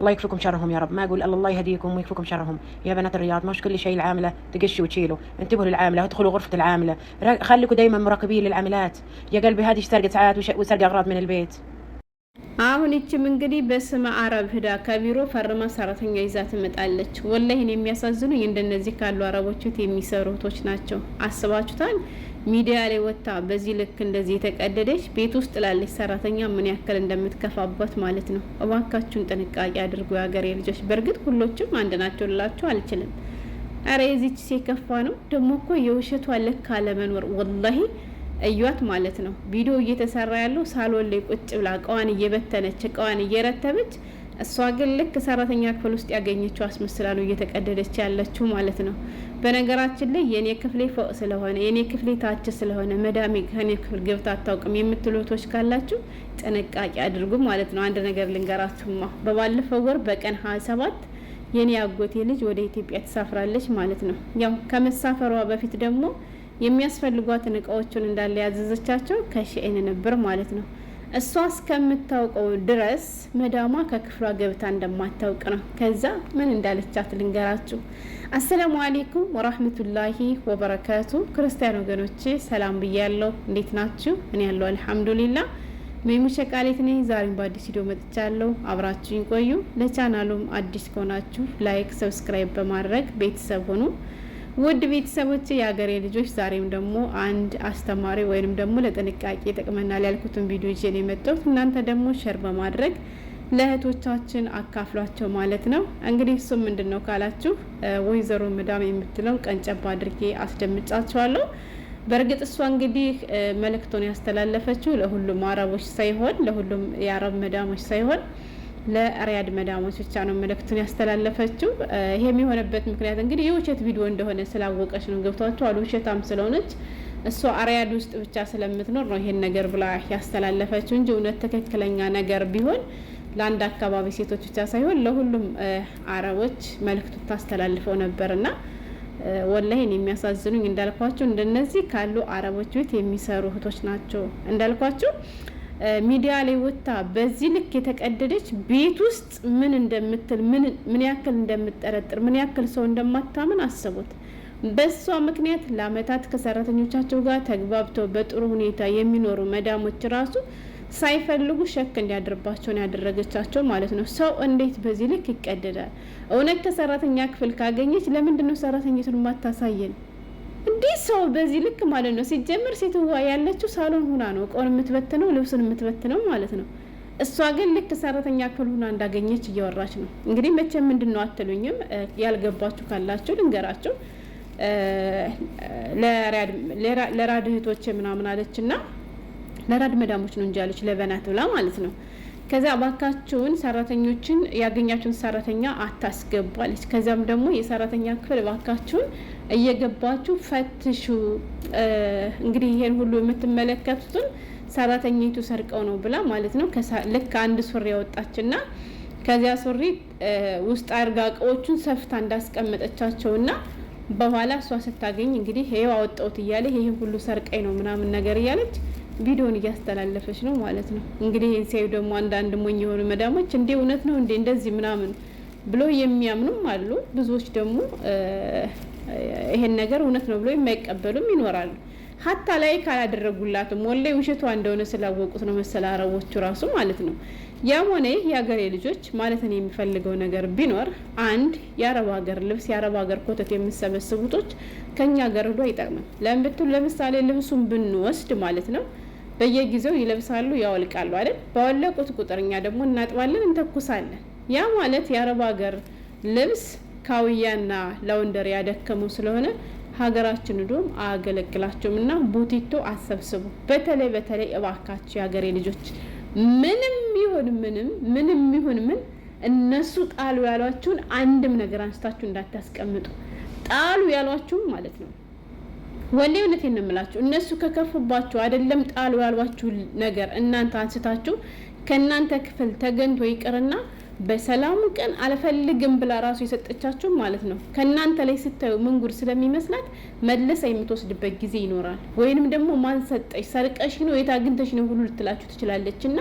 الله يكفيكم شرهم يا رب ما اقول الله يهديكم ويكفيكم شرهم يا بنات الرياض مش كل شيء العامله تقشي وتشيله انتبهوا للعامله ادخلوا غرفه العامله خليكم دائما مراقبين للعاملات يا قلبي هذه سرقت ساعات وسرقه اغراض من البيت አሁን ይችም እንግዲህ በስመ አረብ ህዳ ከቢሮ ፈርማ ሰራተኛ ይዛ ትመጣለች። ወላሂን የሚያሳዝኑኝ እንደነዚህ ካሉ አረቦቹት የሚሰሩ እህቶች ናቸው። አስባችሁታል? ሚዲያ ላይ ወጥታ በዚህ ልክ እንደዚህ የተቀደደች ቤት ውስጥ ላለች ሰራተኛ ምን ያክል እንደምትከፋበት ማለት ነው። እባካችሁን ጥንቃቄ አድርጉ የሀገሬ ልጆች። በእርግጥ ሁሎችም አንድ ናቸው ልላችሁ አልችልም። አረ የዚች ሴት ከፋ ነው ደግሞ እኮ የውሸቷ ልክ አለመኖር ወላ እዩት ማለት ነው። ቪዲዮ እየተሰራ ያለው ሳሎን ላይ ቁጭ ብላ እቃዋን እየበተነች እቃዋን እየረተበች፣ እሷ ግን ልክ ሰራተኛ ክፍል ውስጥ ያገኘችው አስመስላ ነው እየተቀደደች ያለችው ማለት ነው። በነገራችን ላይ የኔ ክፍሌ ፎቅ ስለሆነ የእኔ ክፍሌ ታች ስለሆነ መዳሜ ከእኔ ክፍል ገብታ አታውቅም የምትሉ ካላችሁ ጥንቃቄ አድርጉ ማለት ነው። አንድ ነገር ልንገራችሁማ በባለፈው ወር በቀን ሀያ ሰባት የኔ አጎቴ ልጅ ወደ ኢትዮጵያ ተሳፍራለች ማለት ነው። ያው ከመሳፈሯ በፊት ደግሞ የሚያስፈልጓትን እቃዎቹን እንዳለ ያዘዘቻቸው ከሽኤን ነበር ማለት ነው። እሷ እስከምታውቀው ድረስ መዳሟ ከክፍሏ ገብታ እንደማታውቅ ነው። ከዛ ምን እንዳለቻት ልንገራችሁ። አሰላሙ አሌይኩም ወራህመቱላሂ ወበረካቱ። ክርስቲያን ወገኖቼ ሰላም ብያለሁ። እንዴት ናችሁ? እኔ ያለው አልሐምዱሊላ ሜሙ ሸቃሌት ነኝ። ዛሬም በአዲስ ቪዲዮ መጥቻለሁ። አብራችሁኝ ቆዩ። ለቻናሉም አዲስ ከሆናችሁ ላይክ፣ ሰብስክራይብ በማድረግ ቤተሰብ ሆኑ። ውድ ቤተሰቦች የሀገሬ ልጆች ዛሬም ደግሞ አንድ አስተማሪ ወይንም ደግሞ ለጥንቃቄ ጠቅመናል ያልኩትን ቪዲዮ ይዤ ነው የመጣሁት። እናንተ ደግሞ ሸር በማድረግ ለእህቶቻችን አካፍሏቸው ማለት ነው። እንግዲህ እሱም ምንድን ነው ካላችሁ ወይዘሮ ምዳም የምትለውን ቀንጨባ አድርጌ አስደምጫቸዋለሁ። በእርግጥ እሷ እንግዲህ መልእክቶን ያስተላለፈችው ለሁሉም አረቦች ሳይሆን ለሁሉም የአረብ መዳሞች ሳይሆን ለሪያድ መዳሞች ብቻ ነው መልእክቱን ያስተላለፈችው። ይሄም የሆነበት ምክንያት እንግዲህ የውሸት ቪዲዮ እንደሆነ ስላወቀች ነው። ገብቷቸዋል። ውሸታም ስለሆነች እሷ ሪያድ ውስጥ ብቻ ስለምትኖር ነው ይሄን ነገር ብላ ያስተላለፈችው እንጂ እውነት ትክክለኛ ነገር ቢሆን ለአንድ አካባቢ ሴቶች ብቻ ሳይሆን ለሁሉም አረቦች መልእክቱ ታስተላልፈው ነበርና ወላይን የሚያሳዝኑኝ እንዳልኳቸው እንደነዚህ ካሉ አረቦች ቤት የሚሰሩ እህቶች ናቸው እንዳልኳቸው ሚዲያ ላይ ወጥታ በዚህ ልክ የተቀደደች ቤት ውስጥ ምን እንደምትል ምን ያክል እንደምትጠረጥር ምን ያክል ሰው እንደማታምን አስቡት። በሷ ምክንያት ለአመታት ከሰራተኞቻቸው ጋር ተግባብተው በጥሩ ሁኔታ የሚኖሩ መዳሞች ራሱ ሳይፈልጉ ሸክ ነው ያደረገቻቸው ማለት ነው። ሰው እንዴት በዚህ ልክ ይቀደዳል? እውነት ከሰራተኛ ክፍል ካገኘች ለምንድን ነው ሰራተኝቱን ማታሳየን? እንዴት ሰው በዚህ ልክ ማለት ነው። ሲጀመር ሴትዋ ያለችው ሳሎን ሁና ነው እቃውን የምትበትነው ልብሱን የምትበትነው ማለት ነው። እሷ ግን ልክ ሰራተኛ ክፍል ሁና እንዳገኘች እያወራች ነው። እንግዲህ መቼ ምንድን ነው አትሉኝም። ያልገባችሁ ካላችሁ ልንገራችሁ። ለራድ እህቶቼ ምናምን አለች እና ለራድ መዳሞች ነው እንጂ አለች ለበናት ብላ ማለት ነው ከዚያ እባካችሁን ሰራተኞችን ያገኛችሁን ሰራተኛ አታስገቧለች። ከዚያም ደግሞ የሰራተኛ ክፍል እባካችሁን እየገባችሁ ፈትሹ። እንግዲህ ይሄን ሁሉ የምትመለከቱትን ሰራተኛይቱ ሰርቀው ነው ብላ ማለት ነው። ልክ አንድ ሱሪ ያወጣችና ከዚያ ሱሪ ውስጥ አድርጋ እቃዎቹን ሰፍታ እንዳስቀመጠቻቸውና በኋላ እሷ ስታገኝ እንግዲህ ይሄው አወጣሁት እያለ ይህ ሁሉ ሰርቀኝ ነው ምናምን ነገር እያለች ቪዲዮን እያስተላለፈች ነው ማለት ነው። እንግዲህ ሲያዩ ደግሞ አንዳንድ ሞኝ የሆኑ መዳሞች እንዴ እውነት ነው እንዴ እንደዚህ ምናምን ብሎ የሚያምኑም አሉ። ብዙዎች ደግሞ ይሄን ነገር እውነት ነው ብሎ የማይቀበሉም ይኖራሉ። ሀታ ላይ ካላደረጉላትም ወላሂ ውሸቷ እንደሆነ ስላወቁት ነው መሰል አረቦቹ ራሱ ማለት ነው። ያም ሆነ ይህ የሀገሬ ልጆች ማለት ነው የሚፈልገው ነገር ቢኖር አንድ የአረብ ሀገር ልብስ የአረብ ሀገር ኮተት የምሰበስቡቶች ከኛ ሀገር ሂዶ አይጠቅምም። ለምብትሉ ለምሳሌ ልብሱን ብንወስድ ማለት ነው በየጊዜው ይለብሳሉ፣ ያወልቃሉ አይደል? ባወለቁት ቁጥር እኛ ደግሞ እናጥባለን፣ እንተኩሳለን። ያ ማለት የአረብ ሀገር ልብስ ካውያና ላውንደር ያደከሙ ስለሆነ ሀገራችን ዶም አያገለግላቸውም። እና ቡቲቶ አሰብስቡ። በተለይ በተለይ እባካቸው የሀገሬ ልጆች ምንም ይሁን ምንም ምንም ይሁን ምን እነሱ ጣሉ ያሏችሁን አንድም ነገር አንስታችሁ እንዳታስቀምጡ። ጣሉ ያሏችሁም ማለት ነው ወላሂ እውነቴን ነው የምላችሁ። እነሱ ከከፉባችሁ አይደለም ጣሉ ያሏችሁ ነገር እናንተ አንስታችሁ ከእናንተ ክፍል ተገኝቶ ይቅርና በሰላሙ ቀን አልፈልግም ብላ ራሱ የሰጠቻችሁ ማለት ነው። ከእናንተ ላይ ስታዩ ምንጉር ስለሚመስላት መለሳ የምትወስድበት ጊዜ ይኖራል። ወይንም ደግሞ ማን ሰጠሽ፣ ሰርቀሽ ነው፣ የት አግኝተሽ ነው ሁሉ ልትላችሁ ትችላለች እና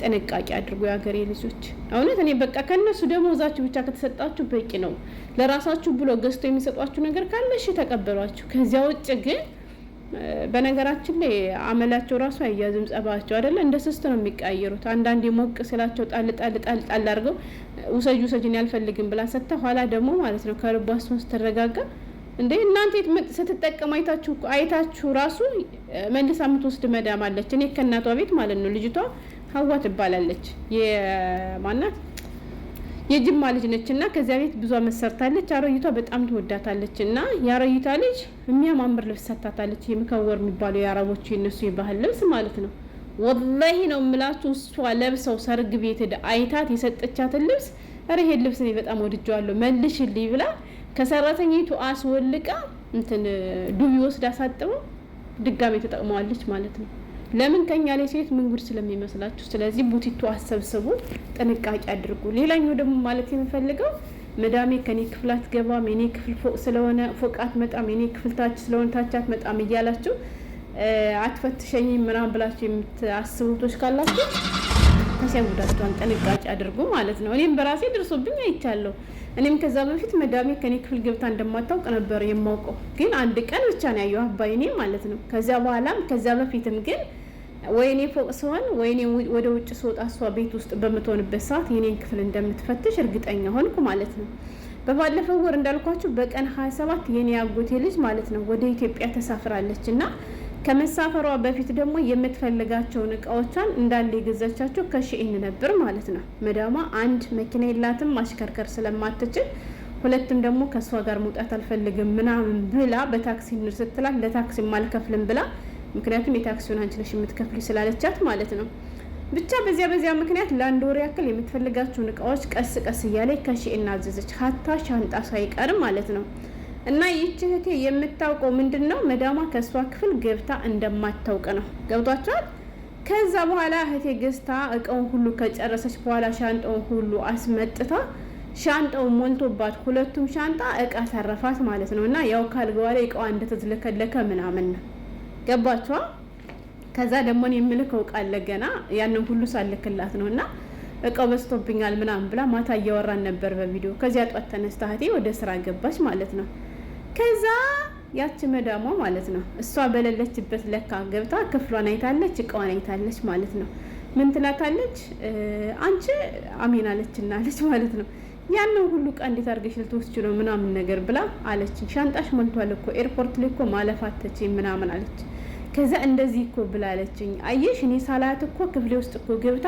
ጥንቃቄ አድርጉ የሀገሬ ልጆች። እውነት እኔ በቃ ከእነሱ ደሞዛችሁ ብቻ ከተሰጣችሁ በቂ ነው። ለራሳችሁ ብሎ ገዝቶ የሚሰጧችሁ ነገር ካለሽ ተቀበሏችሁ። ከዚያ ውጭ ግን በነገራችን ላይ አመላቸው ራሱ አያዝም፣ ጸባቸው አይደለ እንደ ስስት ነው የሚቀያየሩት። አንዳንድ ሞቅ ስላቸው ጣል ጣል ጣል ጣል አድርገው ውሰጅ ውሰጅን ያልፈልግም ብላ ሰጥታ ኋላ ደግሞ ማለት ነው ከልቧ እሷን ስትረጋጋ እንዴ እናንተ ስትጠቀም አይታችሁ አይታችሁ ራሱ አምት ውስድ መዳም አለች። እኔ ከእናቷ ቤት ማለት ነው ልጅቷ ሀዋ ትባላለች። የማናት የጅማ ልጅ ነች እና ከዚያ ቤት ብዙ መሰርታለች አረይቷ በጣም ትወዳታለች እና የአረይቷ ልጅ የሚያማምር ልብስ ሰታታለች። የምከወር የሚባለው የአረቦቹ የነሱ የባህል ልብስ ማለት ነው። ወላሂ ነው የምላችሁ። እሷ ለብሰው ሰርግ ቤት አይታት የሰጠቻትን ልብስ ኧረ ይሄን ልብስ እኔ በጣም ወድጀዋለሁ መልሽልኝ ብላ ከሰራተኛይቱ አስወልቃ እንትን ዱቢ ወስዳ አሳጥበው ድጋሜ ተጠቅመዋለች ማለት ነው። ለምን ከኛ ላይ ሴት ምን ስለሚመስላችሁ። ስለዚህ ቡቲቱ አሰብስቡ፣ ጥንቃቄ አድርጉ። ሌላኛው ደግሞ ማለት የምፈልገው መዳሜ ከኔ ክፍል አትገባም፣ የኔ ክፍል ፎቅ ስለሆነ ፎቅ አትመጣም፣ የኔ ክፍል ታች ስለሆነ ታች አትመጣም እያላችሁ አትፈትሸኝ ምናምን ብላችሁ የምታስቡቶች ካላችሁ ከሲያ ጥንቃቄ አድርጉ ማለት ነው። እኔም በራሴ ደርሶብኝ አይቻለሁ። እኔም ከዛ በፊት መዳሜ ከኔ ክፍል ገብታ እንደማታውቅ ነበር የማውቀው። ግን አንድ ቀን ብቻ ነው ያየው አባይ ማለት ነው። ከዚያ በኋላም ከዚያ በፊትም ግን ወይኔ ፎቅ ሲሆን ወይኔ ወደ ውጭ ስወጣ እሷ ቤት ውስጥ በምትሆንበት ሰዓት የኔን ክፍል እንደምትፈትሽ እርግጠኛ ሆንኩ ማለት ነው። በባለፈው ወር እንዳልኳችሁ በቀን 27 የኔ አጎቴ ልጅ ማለት ነው ወደ ኢትዮጵያ ተሳፍራለች እና ከመሳፈሯ በፊት ደግሞ የምትፈልጋቸውን እቃዎቿን እንዳለ የገዛቻቸው ከሽኢን ነበር ማለት ነው። መዳሟ አንድ መኪና የላትም ማሽከርከር ስለማትችል፣ ሁለትም ደግሞ ከእሷ ጋር መውጣት አልፈልግም ምናምን ብላ በታክሲ እንሂድ ስትላት ለታክሲም አልከፍልም ብላ ምክንያቱም የታክሲውን አንቺ ነሽ የምትከፍል ስላለቻት ማለት ነው። ብቻ በዚያ በዚያ ምክንያት ለአንድ ወር ያክል የምትፈልጋቸውን እቃዎች ቀስ ቀስ እያለ ከሽኢን አዘዘች ሀታ ሻንጣ ሳይቀር ማለት ነው። እና ይህች እህቴ የምታውቀው ምንድን ነው መዳሟ ከእሷ ክፍል ገብታ እንደማታውቅ ነው። ገብቷቸዋል። ከዛ በኋላ እህቴ ገዝታ እቃውን ሁሉ ከጨረሰች በኋላ ሻንጣውን ሁሉ አስመጥታ ሻንጣውን ሞልቶባት ሁለቱም ሻንጣ እቃ ተረፋት ማለት ነው። እና ያው ካልገዋ ላይ እቃዋ እንደተዝለከለከ ምናምን ነው። ገባቸዋ። ከዛ ደግሞ የምልከው እቃ አለ ገና ያንን ሁሉ ሳልክላት ነው እና እቃው በዝቶብኛል ምናምን ብላ ማታ እያወራን ነበር በቪዲዮ። ከዚያ ጧት ተነስታ እህቴ ወደ ስራ ገባች ማለት ነው። ከዛ ያች መዳሟ ማለት ነው እሷ በሌለችበት ለካ ገብታ ክፍሏን አይታለች፣ እቃዋን አይታለች ማለት ነው። ምን ትላታለች? አንቺ አሜን አለችና አለች ማለት ነው። ያንን ሁሉ እቃ እንዴት አድርገሽ ልትወስጂ ነው ምናምን ነገር ብላ አለች ሻንጣሽ ሞልቷል እኮ ኤርፖርት ላይ እኮ ማለፋተች ምናምን አለች። ከዛ እንደዚህ እኮ ብላለችኝ። አየሽ እኔ ሳላያት እኮ ክፍሌ ውስጥ እኮ ገብታ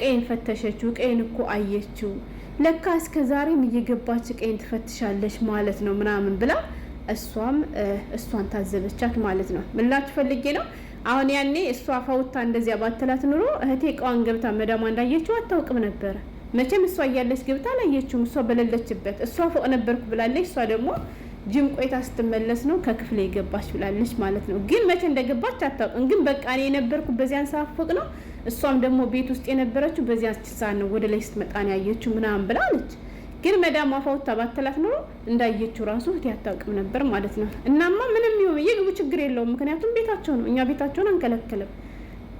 ቀይን ፈተሸችው፣ እቀይን እኮ አየችው ለካ እስከ ዛሬም እየገባች ቀኝ ትፈትሻለች ማለት ነው ምናምን ብላ እሷም እሷን ታዘበቻት ማለት ነው። ምላችሁ ፈልጌ ነው። አሁን ያኔ እሷ ፈውታ እንደዚያ ባትላት ኑሮ እህቴ እቃዋን ገብታ መዳሟ እንዳየችው አታውቅም ነበረ። መቼም እሷ እያለች ገብታ አላየችውም። እሷ በሌለችበት እሷ ፎቅ ነበርኩ ብላለች። እሷ ደግሞ ጅም ቆይታ ስትመለስ ነው ከክፍሌ የገባች ብላለች ማለት ነው። ግን መቼ እንደገባች አታውቅም። ግን በቃ እኔ የነበርኩ በዚያን ሰዓት ፎቅ ነው እሷም ደግሞ ቤት ውስጥ የነበረችው በዚያ ሰዓት ነው ወደ ላይ ስትመጣን ያየችው ምናምን ብላለች። ግን መዳም አፋውታ ባተላት ኖሮ እንዳየችው ራሱ እህቴ አታውቅም ነበር ማለት ነው። እናማ ምንም ይሁን የግቡ ችግር የለውም ምክንያቱም ቤታቸው ነው። እኛ ቤታቸውን አንከለከለም።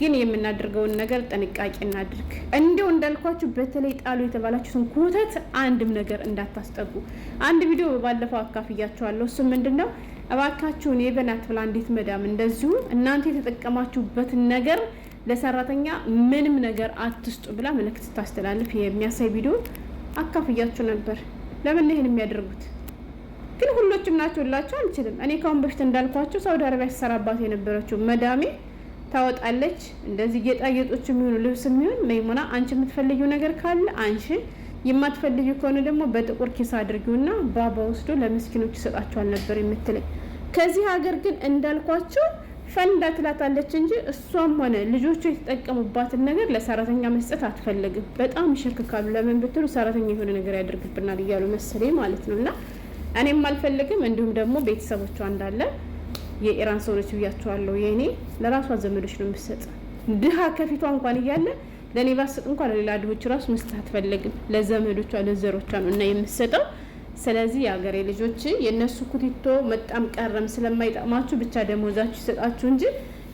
ግን የምናደርገውን ነገር ጥንቃቄ እናድርግ። እንዲው እንዳልኳችሁ በተለይ ጣሉ የተባላችሁትን ኮተት አንድም ነገር እንዳታስጠጉ። አንድ ቪዲዮ ባለፈው አካፍያችኋለሁ። እሱ ምንድን ነው እባካችሁን የበናት ብላ እንዴት መዳም እንደዚሁ እናንተ የተጠቀማችሁበትን ነገር ለሰራተኛ ምንም ነገር አትስጡ ብላ መልእክት ስታስተላልፍ የሚያሳይ ቪዲዮ አካፍያችሁ ነበር። ለምን ነው ይህን የሚያደርጉት? ግን ሁሎችም ናቸው ላቸው አልችልም። እኔ ካሁን በፊት እንዳልኳቸው ሳውዲ አረቢያ ሲሰራባት የነበረችው መዳሜ ታወጣለች። እንደዚህ ጌጣጌጦች የሚሆኑ ልብስ የሚሆን መይሙና፣ አንቺ የምትፈልጊው ነገር ካለ አንቺ፣ የማትፈልጊው ከሆነ ደግሞ በጥቁር ኪስ አድርጊውና ባባ ወስዶ ለምስኪኖች ይሰጣቸዋል ነበር የምትለኝ። ከዚህ ሀገር ግን እንዳልኳቸው ፈንዳ ትላታለች እንጂ እሷም ሆነ ልጆቹ የተጠቀሙባትን ነገር ለሰራተኛ መስጠት አትፈልግም። በጣም ይሸክካሉ። ለምን ብትሉ ሰራተኛ የሆነ ነገር ያደርግብናል እያሉ መስሌ ማለት ነው። እና እኔም አልፈልግም። እንዲሁም ደግሞ ቤተሰቦቿ እንዳለ የኢራን ሰው ብያቸዋለሁ። የእኔ ለራሷ ዘመዶች ነው የምትሰጥ። ድሀ ከፊቷ እንኳን እያለ ለእኔ ባስጥ እንኳን ለሌላ ድሆች ራሱ መስጠት አትፈልግም። ለዘመዶቿ ለዘሮቿ ነው እና የምትሰጠው ስለዚህ የሀገሬ ልጆች የእነሱ ኩቲቶ መጣም ቀረም ስለማይጠቅማችሁ ብቻ ደሞዛችሁ ይሰጣችሁ እንጂ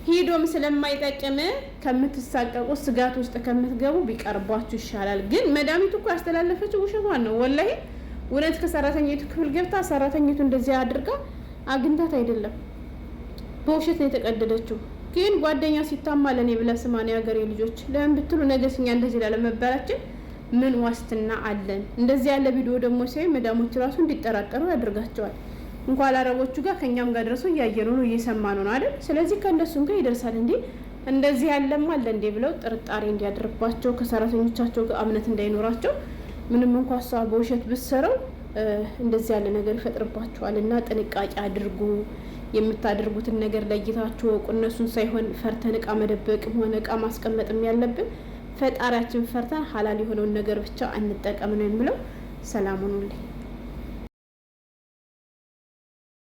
ሂዶም ስለማይጠቅም ከምትሳቀቁ ስጋት ውስጥ ከምትገቡ ቢቀርቧችሁ ይሻላል። ግን መድኃኒቱ እኮ ያስተላለፈችው ውሸቷን ነው። ወላሂ እውነት ከሰራተኛቱ ክፍል ገብታ ሰራተኛቱ እንደዚያ አድርጋ አግኝታት አይደለም፣ በውሸት ነው የተቀደደችው። ግን ጓደኛ ሲታማ ለእኔ ብላ የሀገሬ ልጆች ለምን ብትሉ ነገስኛ እንደዚህ ላለመባላችን ምን ዋስትና አለን? እንደዚህ ያለ ቪዲዮ ደግሞ ሲያይ መዳሞች ራሱ እንዲጠራጠሩ ያደርጋቸዋል። እንኳን አረቦቹ ጋር ከእኛም ጋር ደርሰው እያየኑ ነው እየሰማ ነው አይደል? ስለዚህ ከእነሱም ጋር ይደርሳል እንዴ እንደዚህ ያለም አለ እንዴ ብለው ጥርጣሬ እንዲያደርባቸው ከሰራተኞቻቸው ጋር እምነት እንዳይኖራቸው ምንም እንኳ እሷ በውሸት ብሰረው እንደዚህ ያለ ነገር ይፈጥርባቸዋል። እና ጥንቃቄ አድርጉ። የምታደርጉትን ነገር ለይታችሁ እወቁ። እነሱን ሳይሆን ፈርተን እቃ መደበቅም ሆነ እቃ ማስቀመጥም ያለብን ፈጣሪያችን ፈርተን ሀላል የሆነውን ነገር ብቻ እንጠቀም ነው የምለው። ሰላሙን ሁሌ